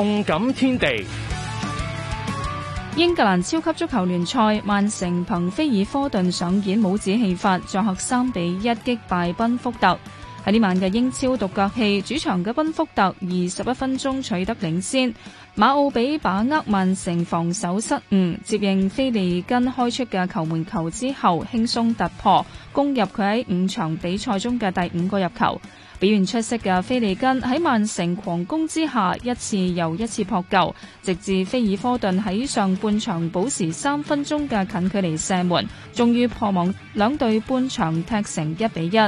動感天地，英格蘭超級足球聯賽，曼城憑菲爾科頓上演帽子戲法，作客三比一擊敗賓福特。喺呢晚嘅英超獨腳戲，主場嘅賓福特二十一分鐘取得領先，馬奧比把握曼城防守失誤，接應菲利根開出嘅球門球之後輕鬆突破，攻入佢喺五場比賽中嘅第五個入球。表現出色嘅菲利根喺曼城狂攻之下，一次又一次撲救，直至菲爾科頓喺上半場保持三分鐘嘅近距離射門，終於破網，兩隊半場踢成一比一。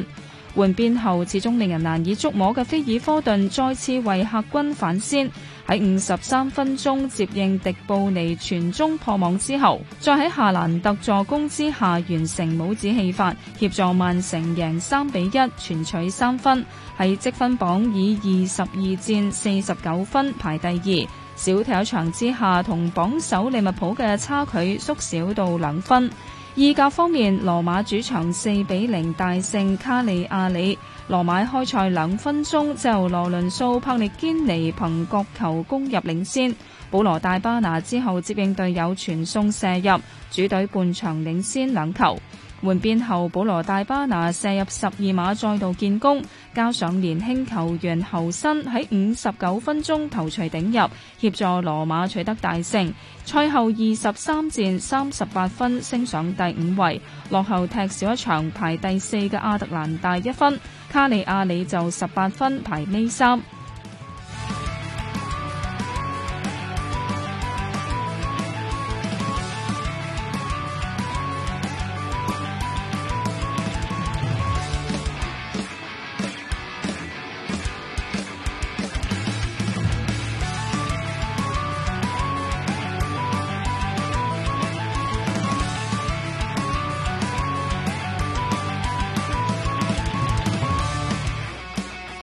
換變後，始終令人難以捉摸嘅菲爾科頓再次為客軍反先，喺五十三分鐘接應迪布尼傳中破網之後，再喺夏蘭特助攻之下完成帽子戲法，協助曼城贏三比一，全取三分，喺積分榜以二十二戰四十九分排第二，少踢一場之下同榜首利物浦嘅差距縮小到兩分。意甲方面，羅馬主場四比零大勝卡利亞里。羅馬開賽兩分鐘就由羅倫素帕列堅尼憑角球攻入領先，保羅戴巴拿之後接應隊友傳送射入主隊半場，領先兩球。換變後，保羅大巴拿射入十二碼，再度建功，加上年輕球員侯身，喺五十九分鐘頭槌頂入，協助羅馬取得大勝。賽後二十三戰三十八分，升上第五位，落後踢少一場排第四嘅阿特蘭大一分，卡利亞里就十八分排呢三。